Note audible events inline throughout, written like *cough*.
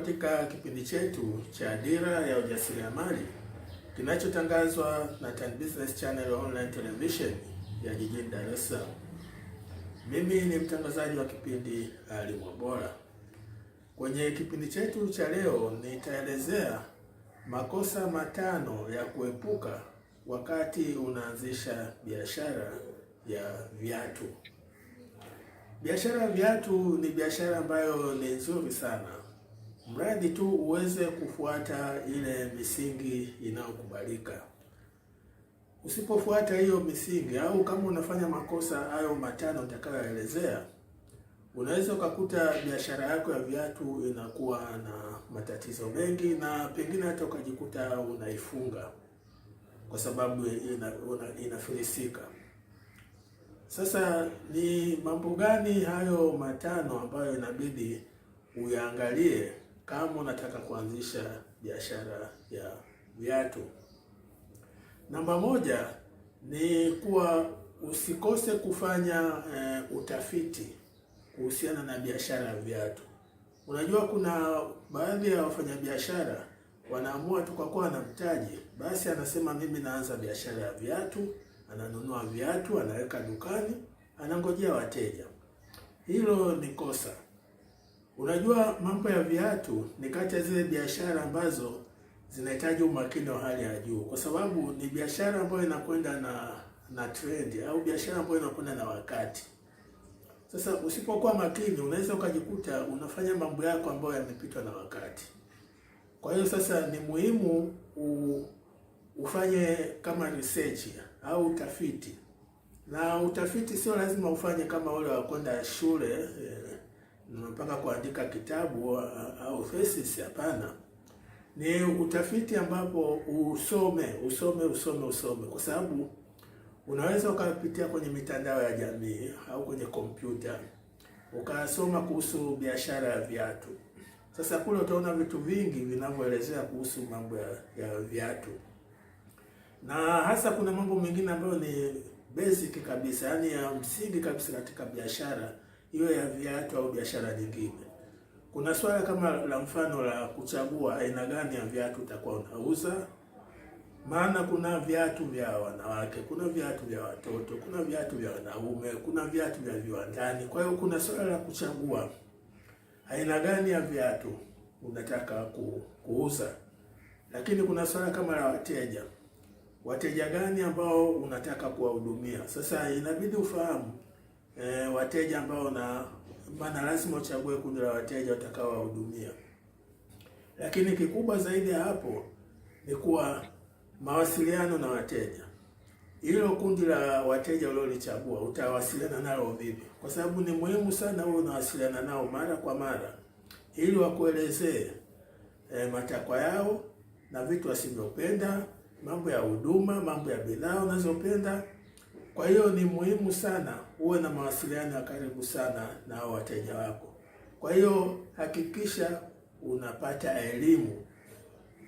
katika kipindi chetu cha Dira ya Ujasiriamali kinachotangazwa na Tan Business Channel Online Television ya jijini Dar es Salaam. Mimi ni mtangazaji wa kipindi Ali Mwambola. Kwenye kipindi chetu cha leo nitaelezea makosa matano ya kuepuka wakati unaanzisha biashara ya viatu. Biashara ya viatu ni biashara ambayo ni nzuri sana mradi tu uweze kufuata ile misingi inayokubalika. Usipofuata hiyo misingi, au kama unafanya makosa hayo matano nitakayoelezea, unaweza ukakuta biashara yako ya viatu inakuwa na matatizo mengi, na pengine hata ukajikuta unaifunga kwa sababu ina, una, inafilisika. Sasa ni mambo gani hayo matano ambayo inabidi uyaangalie kama unataka kuanzisha biashara ya viatu. Namba moja ni kuwa usikose kufanya e, utafiti kuhusiana na biashara ya viatu. Unajua kuna baadhi ya wafanyabiashara wanaamua tu kwa kuwa ana mtaji, basi anasema mimi naanza biashara ya viatu, ananunua viatu, anaweka dukani, anangojea wateja. Hilo ni kosa. Unajua, mambo ya viatu ni kati ya zile biashara ambazo zinahitaji umakini wa hali ya juu, kwa sababu ni biashara ambayo inakwenda na na trend au biashara ambayo inakwenda na wakati. Sasa usipokuwa makini, unaweza ukajikuta unafanya mambo yako ambayo yamepitwa na wakati. Kwa hiyo sasa ni muhimu u, ufanye kama research au utafiti, na utafiti sio lazima ufanye kama wale wa kwenda shule eh, mpaka kuandika kitabu au thesis, hapana. Ni utafiti ambapo usome usome usome usome, kwa sababu unaweza ukapitia kwenye mitandao ya jamii au kwenye kompyuta ukasoma kuhusu biashara ya viatu. Sasa kule utaona vitu vingi vinavyoelezea kuhusu mambo ya, ya viatu na hasa kuna mambo mengine ambayo ni basic kabisa, yaani ya msingi kabisa katika biashara iwe ya viatu au biashara nyingine. Kuna swala kama la mfano la kuchagua aina gani ya viatu utakuwa unauza, maana kuna viatu vya wanawake, kuna viatu vya watoto, kuna viatu vya wanaume, kuna viatu vya viwandani. Kwa hiyo kuna swala la kuchagua aina gani ya viatu unataka ku, kuuza, lakini kuna swala kama la wateja, wateja gani ambao unataka kuwahudumia. Sasa inabidi ufahamu e, wateja ambao na maana lazima uchague kundi la wateja utakaowahudumia, lakini kikubwa zaidi ya hapo ni kuwa mawasiliano na wateja. Hilo kundi la wateja uliolichagua utawasiliana nalo vipi? Kwa sababu ni muhimu sana wewe unawasiliana nao mara kwa mara, ili wakuelezee e, matakwa yao na vitu wasivyopenda, mambo ya huduma, mambo ya bidhaa unazopenda. Kwa hiyo ni muhimu sana uwe na mawasiliano ya karibu sana na wateja wako. Kwa hiyo hakikisha unapata elimu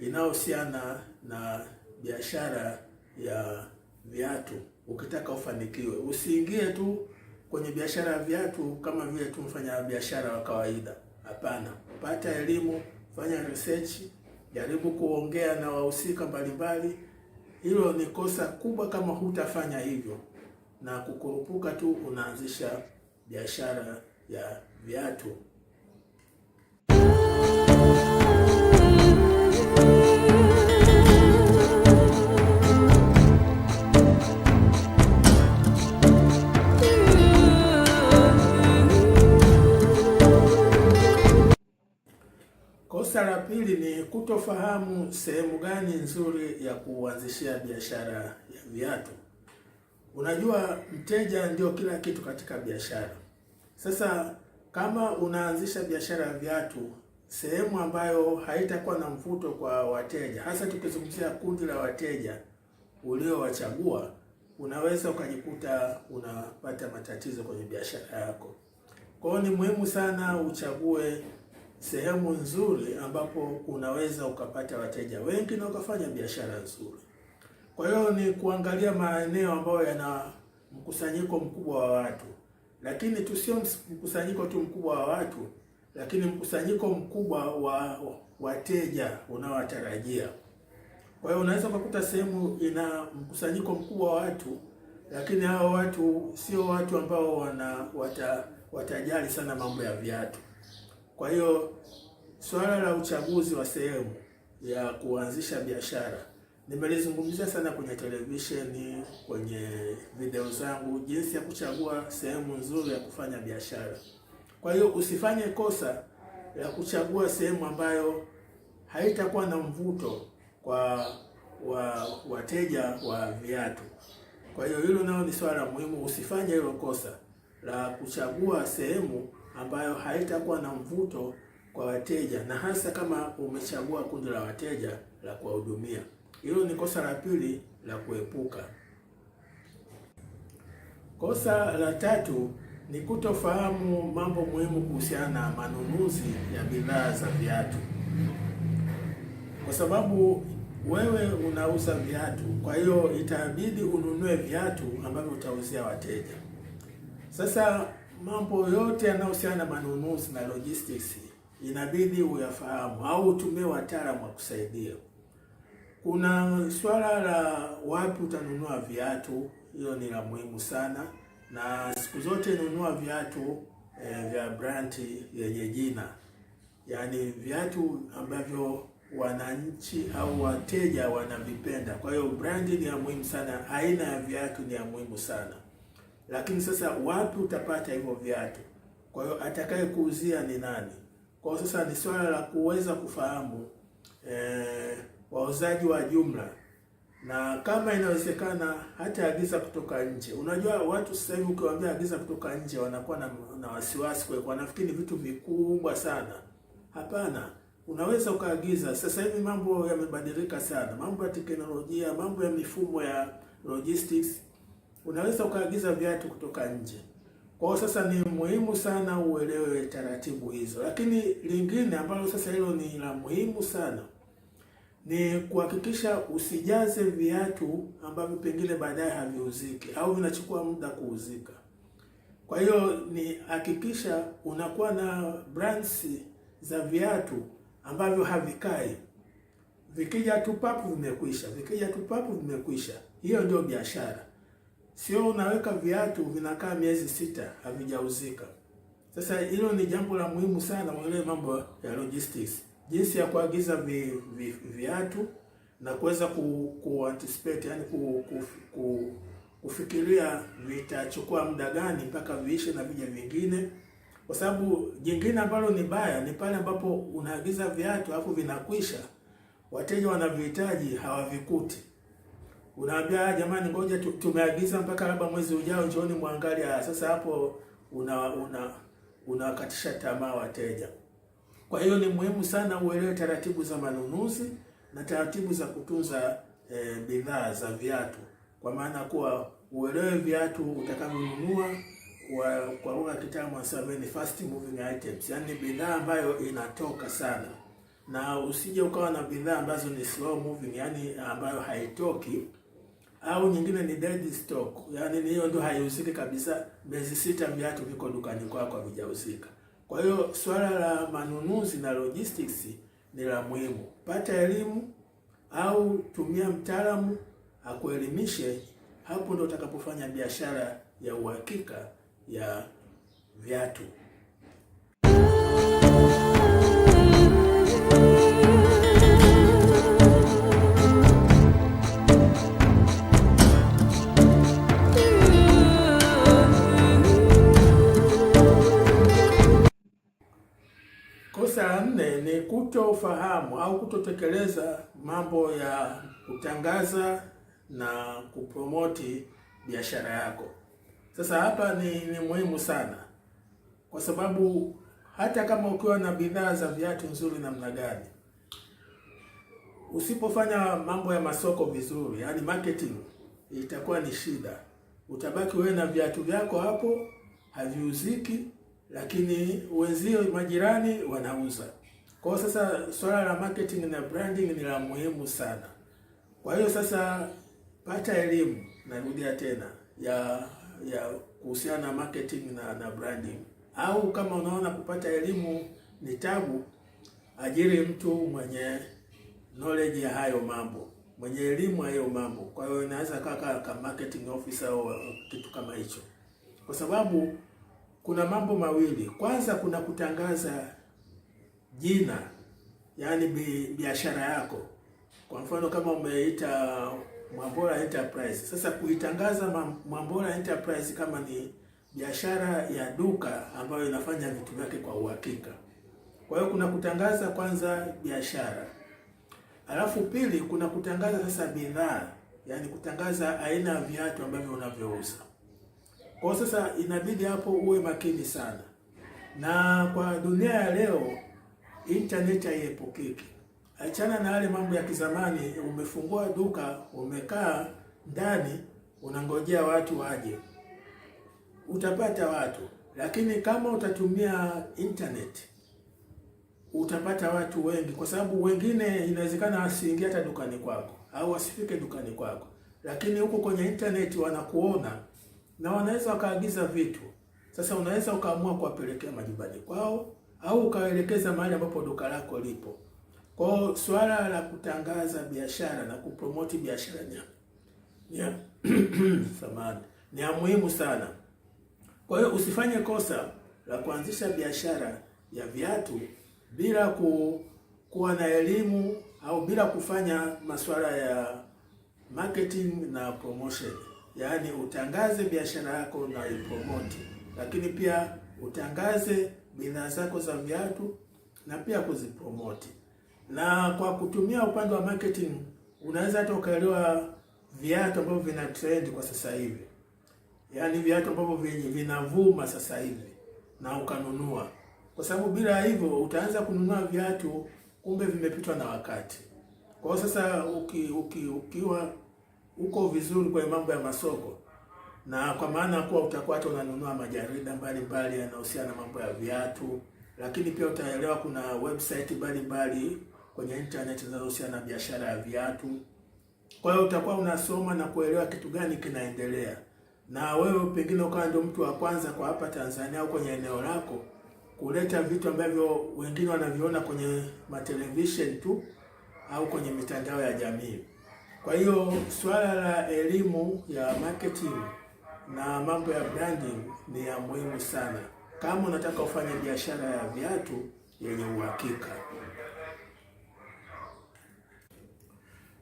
inayohusiana na biashara ya viatu ukitaka ufanikiwe. Usiingie tu kwenye biashara ya viatu kama vile tu mfanya biashara wa kawaida. Hapana, pata elimu, fanya research, jaribu kuongea na wahusika mbalimbali. Hilo ni kosa kubwa kama hutafanya hivyo na kukurupuka tu unaanzisha biashara ya viatu. Kosa la pili ni kutofahamu sehemu gani nzuri ya kuanzishia biashara ya viatu. Unajua, mteja ndio kila kitu katika biashara. Sasa kama unaanzisha biashara ya viatu sehemu ambayo haitakuwa na mvuto kwa wateja, hasa tukizungumzia kundi la wateja uliowachagua, unaweza ukajikuta unapata matatizo kwenye biashara yako. Kwa hiyo ni muhimu sana uchague sehemu nzuri ambapo unaweza ukapata wateja wengi na ukafanya biashara nzuri. Kwa hiyo ni kuangalia maeneo ambayo yana mkusanyiko mkubwa wa watu, lakini tu sio mkusanyiko tu mkubwa wa watu, lakini mkusanyiko mkubwa wa wateja unaowatarajia. Kwa hiyo unaweza ukakuta sehemu ina mkusanyiko mkubwa wa watu, lakini hao watu sio watu ambao wana wata, watajali sana mambo ya viatu. Kwa hiyo suala la uchaguzi wa sehemu ya kuanzisha biashara Nimelizungumzia sana kwenye televisheni, kwenye video zangu, jinsi ya kuchagua sehemu nzuri ya kufanya biashara. Kwa hiyo usifanye kosa la kuchagua sehemu ambayo haitakuwa na mvuto kwa wa wateja wa viatu. Kwa hiyo hilo nalo ni swala muhimu, usifanye hilo kosa la kuchagua sehemu ambayo haitakuwa na mvuto kwa wateja, na hasa kama umechagua kundi la wateja la kuwahudumia. Hilo ni kosa la pili la kuepuka. Kosa la tatu ni kutofahamu mambo muhimu kuhusiana na manunuzi ya bidhaa za viatu, kwa sababu wewe unauza viatu, kwa hiyo itabidi ununue viatu ambavyo utauzia wateja. Sasa mambo yote yanayohusiana na manunuzi na logistics inabidi uyafahamu au utumie wataalamu wa kusaidia. Kuna swala la wapi utanunua viatu, hilo ni la muhimu sana, na siku zote nunua viatu eh, vya brand yenye jina, yaani viatu ambavyo wananchi au wateja wanavipenda. Kwa hiyo brandi ni ya muhimu sana, aina ya viatu ni ya muhimu sana, lakini sasa wapi utapata hivyo viatu? Kwa hiyo atakaye kuuzia ni nani? Kwa hiyo sasa ni swala la kuweza kufahamu eh, wauzaji wa jumla, na kama inawezekana hata agiza kutoka nje. Unajua watu sasa hivi ukiwaambia agiza kutoka nje wanakuwa na, na wasiwasi kwa ni vitu vikubwa sana. Hapana, unaweza ukaagiza. Sasa hivi mambo yamebadilika sana, mambo ya teknolojia, mambo ya mifumo ya logistics. Unaweza ukaagiza viatu kutoka nje. Kwa hiyo sasa ni muhimu sana uelewe taratibu hizo, lakini lingine ambalo sasa hilo ni la muhimu sana ni kuhakikisha usijaze viatu ambavyo pengine baadaye haviuziki au vinachukua muda kuuzika. Kwa hiyo ni hakikisha unakuwa na brands za viatu ambavyo havikai, vikija tu papu vimekwisha, vikija tu papu vimekwisha. Hiyo ndio biashara, sio unaweka viatu vinakaa miezi sita havijauzika. Sasa hilo ni jambo la muhimu sana, uelewe mambo ya logistics jinsi ya kuagiza vi, vi, viatu na kuweza ku, ku anticipate yani ku, ku, ku, kufikiria vitachukua muda gani mpaka viishe na vija vingine, kwa sababu jingine ambalo ni baya ni pale ambapo unaagiza viatu alafu vinakwisha, wateja wanavihitaji hawavikuti, unaambia ah, jamani, ngoja tumeagiza mpaka labda mwezi ujao, njooni mwangalia. Ah, sasa hapo una- una- unawakatisha tamaa wateja. Kwa hiyo ni muhimu sana uelewe taratibu za manunuzi na taratibu za kutunza e, bidhaa za viatu, kwa maana kuwa uelewe viatu utakavyonunua kwa kwa lugha ya kitaalamu wanasema ni fast moving items, yani bidhaa ambayo inatoka sana, na usije ukawa na bidhaa ambazo ni slow moving, yani ambayo haitoki au nyingine ni dead stock, yani hiyo ndio haihusiki kabisa. Miezi sita viatu viko dukani kwako havijauzika. Kwa hiyo swala la manunuzi na logistics ni la muhimu. Pata elimu au tumia mtaalamu akuelimishe, hapo ndo utakapofanya biashara ya uhakika ya viatu. Kosa nne ni kutofahamu au kutotekeleza mambo ya kutangaza na kupromoti biashara yako. Sasa hapa ni, ni muhimu sana kwa sababu hata kama ukiwa na bidhaa za viatu nzuri namna gani, usipofanya mambo ya masoko vizuri, yani marketing, itakuwa ni shida. Utabaki wewe na viatu vyako hapo haviuziki lakini wenzio majirani wanauza. Kwa hiyo sasa swala la marketing na branding ni la muhimu sana. Kwa hiyo sasa pata elimu, narudia tena, ya ya kuhusiana na marketing na, na branding, au kama unaona kupata elimu ni tabu, ajiri mtu mwenye knowledge ya hayo mambo, mwenye elimu hayo mambo. Kwa hiyo inaweza kaka ka marketing officer au kitu kama hicho, kwa sababu kuna mambo mawili. Kwanza kuna kutangaza jina, yaani biashara yako. Kwa mfano kama umeita Mwambola Enterprise, sasa kuitangaza Mwambola Enterprise kama ni biashara ya duka ambayo inafanya vitu vyake kwa uhakika. Kwa hiyo kuna kutangaza kwanza biashara, alafu pili kuna kutangaza sasa bidhaa, yaani kutangaza aina ya viatu ambavyo unavyouza. Kwa sasa inabidi hapo uwe makini sana, na kwa dunia ya leo internet haiepukiki. Achana na yale mambo ya kizamani, umefungua duka, umekaa ndani, unangojea watu waje, utapata watu, lakini kama utatumia internet utapata watu wengi, kwa sababu wengine inawezekana wasiingie hata dukani kwako au wasifike dukani kwako, lakini huko kwenye internet wanakuona na wanaweza wakaagiza vitu. Sasa unaweza ukaamua kuwapelekea majumbani kwao au ukawaelekeza mahali ambapo duka lako lipo. Kwa hiyo swala la kutangaza biashara na kupromoti biashara ni *clears throat* samani ni ya muhimu sana. Kwa hiyo usifanye kosa la kuanzisha biashara ya viatu bila ku, kuwa na elimu au bila kufanya masuala ya marketing na promotion yaani utangaze biashara yako na ipromote, lakini pia utangaze bidhaa zako za viatu na pia kuzipromote. Na kwa kutumia upande wa marketing unaweza hata ukaelewa viatu ambavyo vina trend kwa sasa hivi, yaani viatu ambavyo vinavuma sasa hivi na ukanunua, kwa sababu bila hivyo utaanza kununua viatu kumbe vimepitwa na wakati. Kwa hiyo sasa uki, uki, ukiwa uko vizuri kwenye mambo ya masoko, na kwa maana kuwa utakuwa hata unanunua majarida mbalimbali yanahusiana na mambo ya viatu, lakini pia utaelewa kuna website mbalimbali kwenye internet zinazohusiana na biashara ya viatu. Kwa hiyo utakuwa unasoma na kuelewa kitu gani kinaendelea, na wewe pengine ukawa ndio mtu wa kwanza kwa hapa Tanzania au kwenye eneo lako kuleta vitu ambavyo wengine wanaviona kwenye matelevisheni tu au kwenye mitandao ya jamii. Kwa hiyo suala la elimu ya marketing na mambo ya branding ni ya muhimu sana kama unataka ufanye biashara ya viatu yenye uhakika.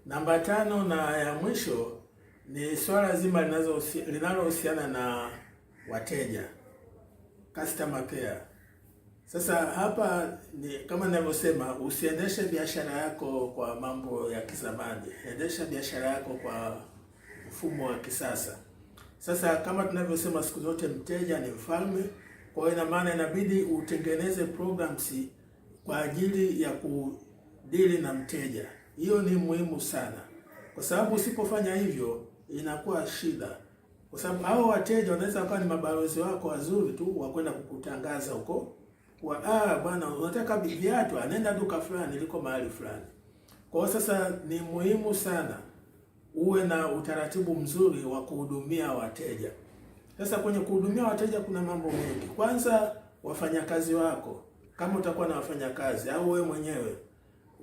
Namba tano na ya mwisho ni swala zima linalohusiana na wateja, customer care. Sasa hapa ni kama ninavyosema, usiendeshe biashara yako kwa mambo ya kizamani, endesha biashara yako kwa mfumo wa kisasa. Sasa kama tunavyosema siku zote, mteja ni mfalme. Kwa hiyo ina maana inabidi utengeneze programs kwa ajili ya kudili na mteja. Hiyo ni muhimu sana, kwa sababu usipofanya hivyo inakuwa shida, kwa sababu hao wateja wanaweza wakawa ni mabalozi wako wazuri tu wa kwenda kukutangaza huko kwa ah, bwana unataka viatu, anaenda duka fulani liko mahali fulani. Kwa sasa ni muhimu sana uwe na utaratibu mzuri wa kuhudumia wateja. Sasa kwenye kuhudumia wateja kuna mambo mengi. Kwanza, wafanyakazi wako kama utakuwa na wafanyakazi au wewe mwenyewe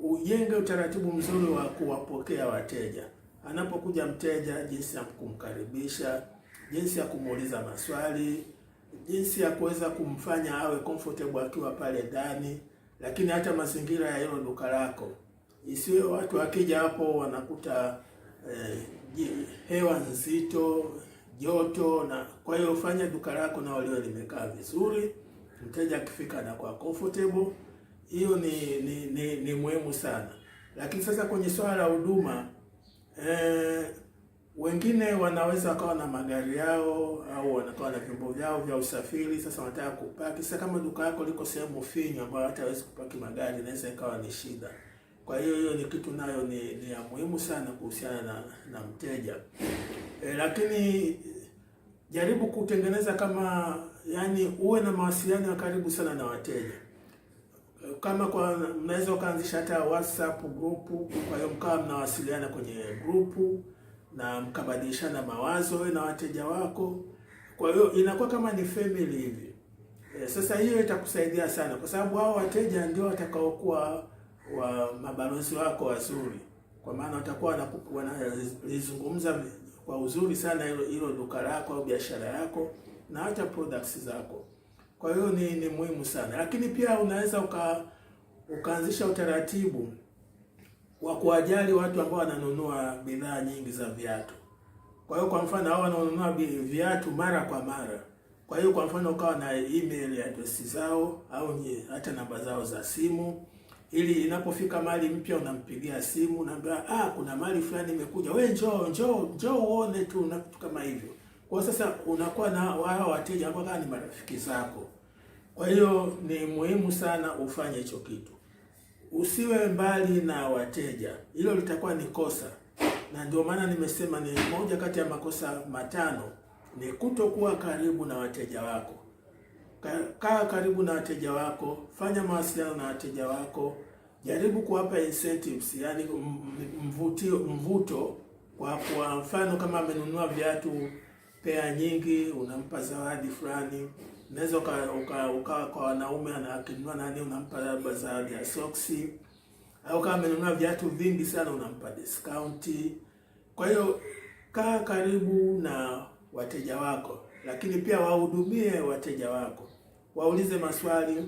ujenge utaratibu mzuri wa kuwapokea wateja. Anapokuja mteja, jinsi ya kumkaribisha, jinsi ya kumuuliza maswali jinsi ya kuweza kumfanya awe comfortable akiwa pale ndani, lakini hata mazingira ya hilo duka lako isiwe watu wakija hapo wanakuta eh, hewa nzito, joto. Na kwa hiyo fanya duka lako na walio limekaa vizuri, mteja akifika na kwa comfortable. Hiyo ni ni, ni, ni muhimu sana, lakini sasa kwenye swala la huduma eh, wengine wanaweza wakawa na magari yao au wanakawa na vyombo vyao vya usafiri, sasa wanataka kupaki. Sasa kama duka yako liko sehemu finyu ambayo hata hawezi kupaki magari, inaweza ikawa ni shida. Kwa hiyo hiyo ni kitu nayo ni, ni ya muhimu sana kuhusiana na, na mteja e, lakini jaribu kutengeneza kama yani, uwe na mawasiliano ya karibu sana na wateja kama kwa mnaweza ukaanzisha hata WhatsApp group, kwa hiyo mkawa mnawasiliana kwenye grupu na mkabadilishana mawazo na wateja wako. Kwa hiyo inakuwa kama ni family hivi. E, sasa hiyo itakusaidia sana kwa sababu hao wateja ndio watakaokuwa wa mabalozi wako wazuri, kwa maana watakuwa wanalizungumza kwa uzuri sana hilo hilo duka lako au biashara yako na hata products zako. Kwa hiyo ni, ni muhimu sana, lakini pia unaweza uka- ukaanzisha utaratibu wa kuwajali watu ambao wananunua bidhaa nyingi za viatu. Kwa hiyo kwa mfano hao wanaonunua viatu mara kwa mara, kwa hiyo kwa mfano ukawa na email address zao au nye, hata namba zao za simu, ili inapofika mali mpya unampigia simu, unaambia ah, kuna mali fulani imekuja, we njoo njoo njoo uone tu na kitu kama hivyo. Kwa sasa unakuwa na wao wateja ambao ni marafiki zako. Kwa hiyo ni muhimu sana ufanye hicho kitu usiwe mbali na wateja, hilo litakuwa ni kosa, na ndio maana nimesema ni moja kati ya makosa matano ni kutokuwa karibu na wateja wako. Kaa karibu na wateja wako, fanya mawasiliano na wateja wako, jaribu kuwapa incentives, yani mvutio, mvuto kwa kwa mfano, kama amenunua viatu pea nyingi, unampa zawadi fulani unaweza ukawa uka, kwa wanaume akinunua nani unampa labda zawadi ya soksi, au kama amenunua viatu vingi sana unampa discount. Kwa hiyo kaa karibu na wateja wako, lakini pia wahudumie wateja wako, waulize maswali.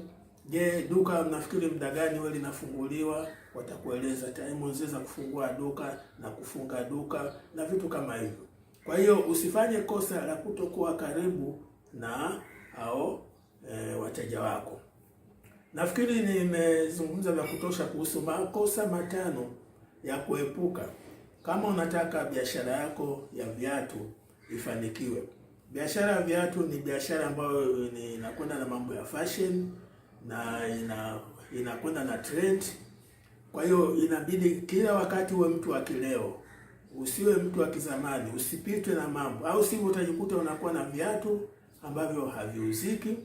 Je, duka mnafikiri muda gani wewe linafunguliwa? Watakueleza time nzuri za kufungua duka na kufunga duka na vitu kama hivyo. Kwa hiyo usifanye kosa la kutokuwa karibu na au e, wateja wako. Nafikiri nimezungumza vya kutosha kuhusu makosa matano ya kuepuka kama unataka biashara yako ya viatu ifanikiwe. Biashara ya viatu ni biashara ambayo inakwenda na mambo ya fashion na ina inakwenda na trend. Kwa hiyo inabidi kila wakati uwe mtu wa kileo, usiwe mtu wa kizamani, usipitwe na mambo, au sivyo utajikuta unakuwa na viatu ambavyo haviuziki,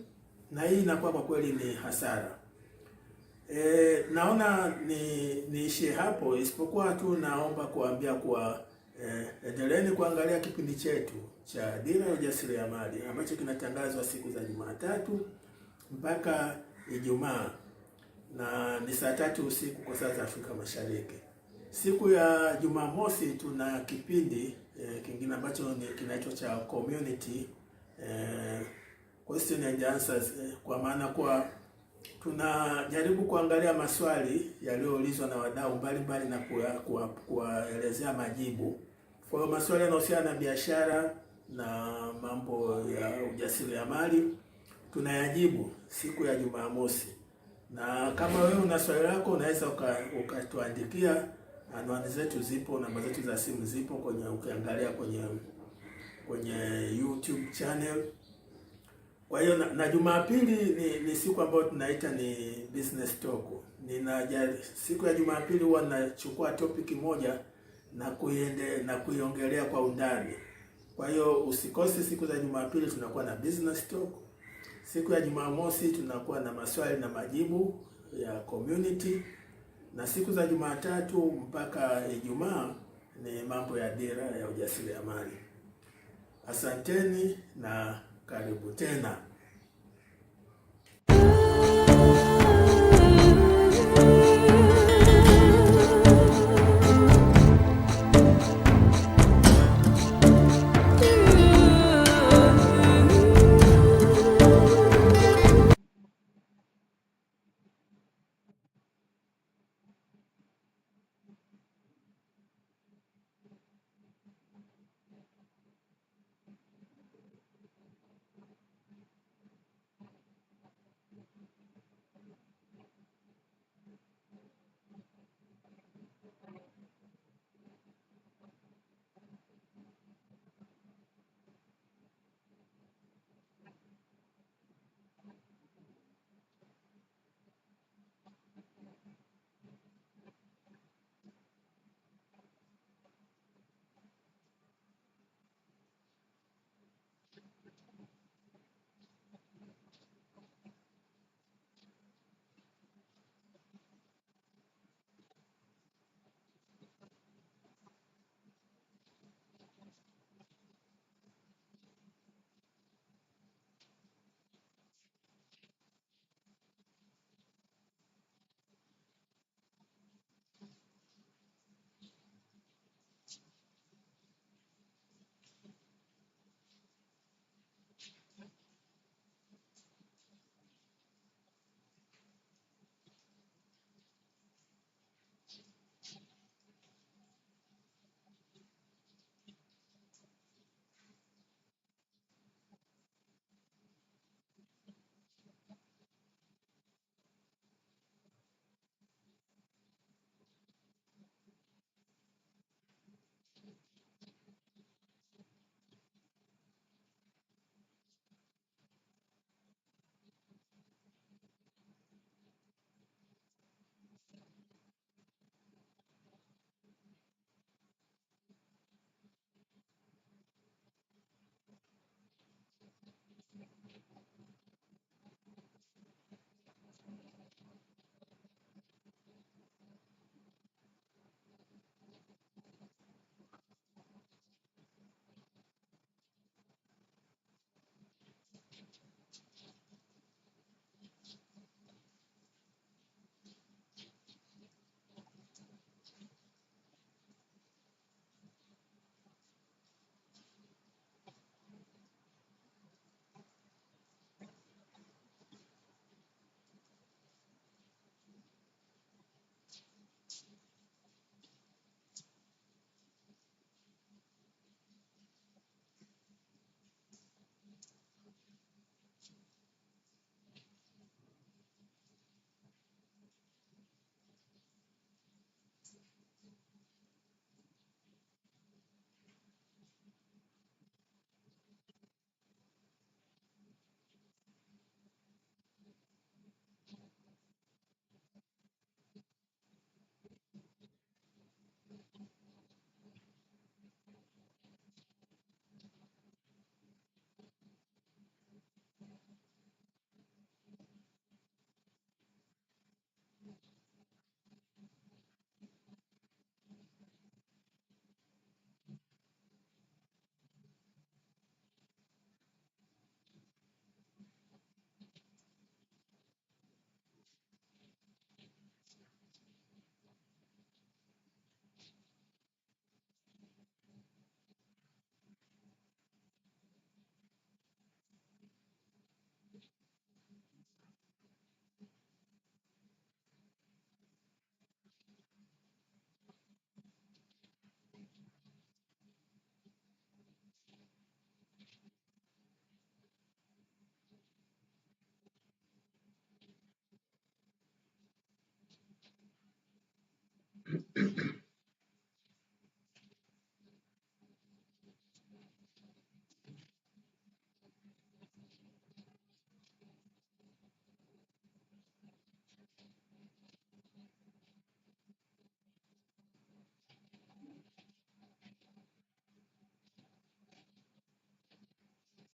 na hii inakuwa kwa kweli ni hasara. E, naona ni niishie hapo, isipokuwa tu naomba kuambia kuwa e, endeleeni kuangalia kipindi chetu cha Dira ya Ujasiriamali ambacho kinatangazwa siku za Jumatatu mpaka Ijumaa na ni saa tatu usiku kwa saa za Afrika Mashariki. Siku ya Jumamosi tuna kipindi e, kingine ambacho ni kinaitwa cha community eh, question and answers eh, kwa maana kuwa tunajaribu kuangalia maswali yaliyoulizwa na wadau mbalimbali na kuwaelezea majibu. Kwa hiyo maswali yanahusiana na biashara na mambo ya ujasiriamali tunayajibu siku ya Jumamosi, na kama wewe una swali lako unaweza ukatuandikia. Anwani zetu zipo, namba zetu za simu zipo kwenye ukiangalia kwenye kwenye YouTube channel. Kwa hiyo na, na Jumapili ni, ni siku ambayo tunaita ni business talk. Nina siku ya Jumapili huwa nachukua topic moja na kuiende na kuiongelea kwa undani. Kwa hiyo usikose siku za Jumapili tunakuwa na business talk. Siku ya Jumamosi tunakuwa na maswali na majibu ya community na siku za Jumatatu mpaka Ijumaa ni mambo ya dira ya ujasiriamali. Asanteni na karibu tena. Thank you. *coughs*